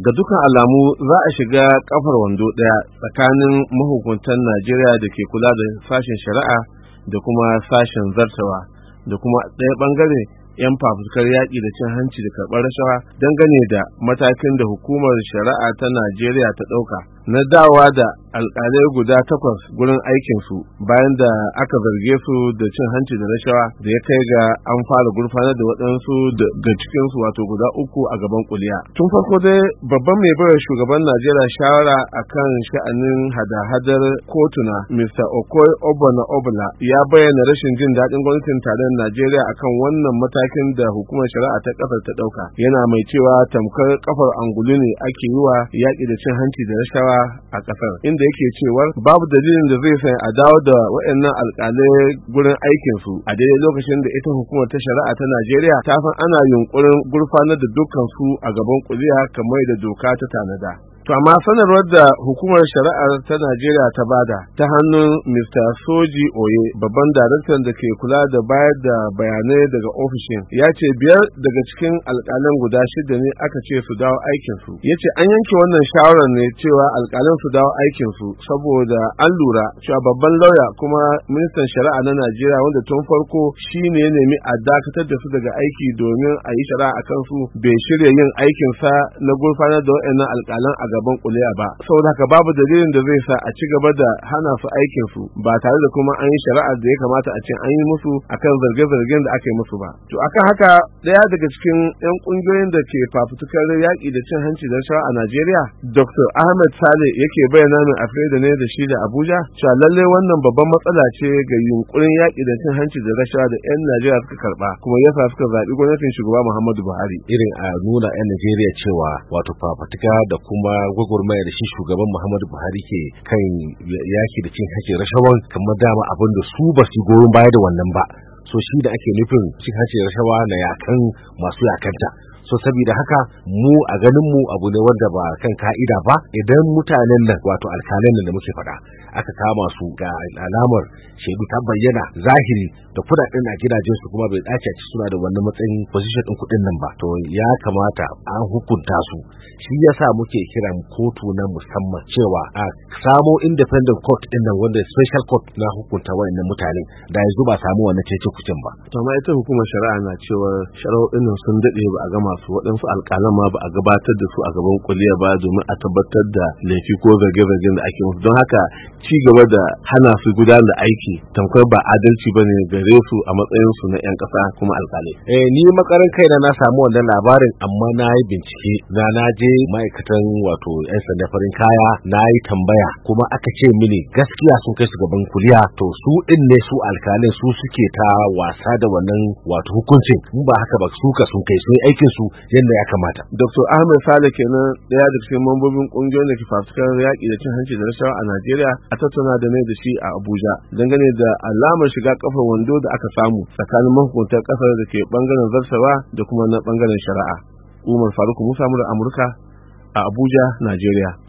ga dukkan alamu za a shiga kafar wando ɗaya tsakanin mahukuntan najeriya da ke kula da sashen shari'a da kuma sashen zartawa da kuma ɗaya ɓangare 'yan fafutukar yaƙi da cin hanci da karɓar rashawa dangane da matakin da hukumar shari'a ta najeriya ta ɗauka na dawa da alkalai guda takwas gurin aikinsu bayan da aka zarge su da cin hanci da rashawa da ya kai ga an fara gurfanar da waɗansu daga cikinsu wato guda uku a gaban kuliya. Tun farko dai babban mai bayar shugaban Najeriya shawara a kan sha'anin hada-hadar kotuna Mr. Okoy Obana Obla ya bayyana rashin jin daɗin gwamnatin tarayyar Najeriya a kan wannan matakin da hukumar shari'a ta ƙasar ta ɗauka. Yana mai cewa tamkar kafar angulu ne ake yi wa yaƙi da cin hanci da rashawa talakawa a ƙasar inda yake cewar babu dalilin da zai san a dawo da waɗannan alƙalai gurin aikinsu a daidai lokacin da ita hukumar ta shari'a ta Najeriya ta san ana yunkurin gurfanar da dukkan su a gaban kuliya kamar da doka ta tanada. To amma sanarwar da hukumar shari'ar ta Najeriya ta bada ta hannun Mr. Soji Oye babban daraktan da ke kula da bayar da bayanai daga ofishin ya ce biyar daga cikin alkalin guda shida ne aka ce su dawo aikinsu. Ya ce an yanke wannan shawarar ne cewa alkalin su dawo aikin su saboda an lura cewa babban lauya kuma ministan shari'a na Najeriya wanda tun farko shi ne nemi a dakatar da su daga aiki domin a yi shari'a akan su bai shirya yin aikin sa na gurfanar da wa'annan alkalan a gaban kuliya ba saboda haka babu dalilin da zai sa a ci gaba da hana su aikin su ba tare da kuma an yi shari'ar da ya kamata a ce an yi musu akan zarge-zargen da aka yi musu ba to akan haka daya daga cikin yan kungiyoyin da ke fafutukar yaƙi da cin hanci da rashawa a Najeriya Dr. Ahmed Sale yake bayyana min a da ne da shi da Abuja cewa lalle wannan babban matsala ce ga yunkurin yaƙi da cin hanci da rashawa da 'yan Najeriya suka karɓa kuma yasa suka zaɓi gwamnatin shugaba Muhammadu Buhari irin a nuna 'yan Najeriya cewa wato fafutuka da kuma da shi shugaban Muhammadu Buhari ke kan yaki da cin haƙƙin rashawan kamar dama abin da su ba su goyon baya da wannan ba so shi da ake nufin cin haƙƙin rashawa na yakan masu yakanta so saboda haka mu a ganin mu abu ne wanda ba kan ka'ida ba idan mutanen nan wato alkalin nan da muke faɗa aka kama su ga alamar shaidu ta bayyana zahiri da kudaden a gidajen su kuma bai dace ci suna da wannan matsayin position din kudin nan ba to ya kamata an hukunta su shi yasa muke kiran kotu na musamman cewa a samo independent court din nan wanda special court na hukunta wayannan mutane da yanzu ba samu wannan cece kucin ba to amma ita hukumar shari'a na cewa shari'o'in sun dade ba a gama Su waɗansu alƙalan ma ba a gabatar da su a gaban kuliya ba domin a tabbatar da laifi ko zarge-zargen da ake musu don haka ci gaba da hana su gudanar da aiki tamkar ba adalci ba ne gare su a matsayin su na 'yan ƙasa kuma alƙalai. eh ni makarin kaina na samu wannan labarin amma na yi bincike na na je ma'aikatan wato 'yan sanda farin kaya na yi tambaya kuma aka ce mini gaskiya sun kai su gaban kuliya to su ɗin ne su alƙalai su suke ta wasa da wannan wato hukuncin in ba haka ba su ka sun kai sun aikin su yadda ya kamata. Dr. Ahmed Sale kenan daya da cikin mambobin kungiyoyin da ke fafutukar yaƙi da cin hanci da na rashawa a Najeriya a tattauna da ne da shi a Abuja dangane da alamar shiga kafar wando da aka samu tsakanin mahukuntar kasar da ke bangaren zartawa da kuma na bangaren shari'a. Umar Faruk Musa Amurka a Abuja, Najeriya.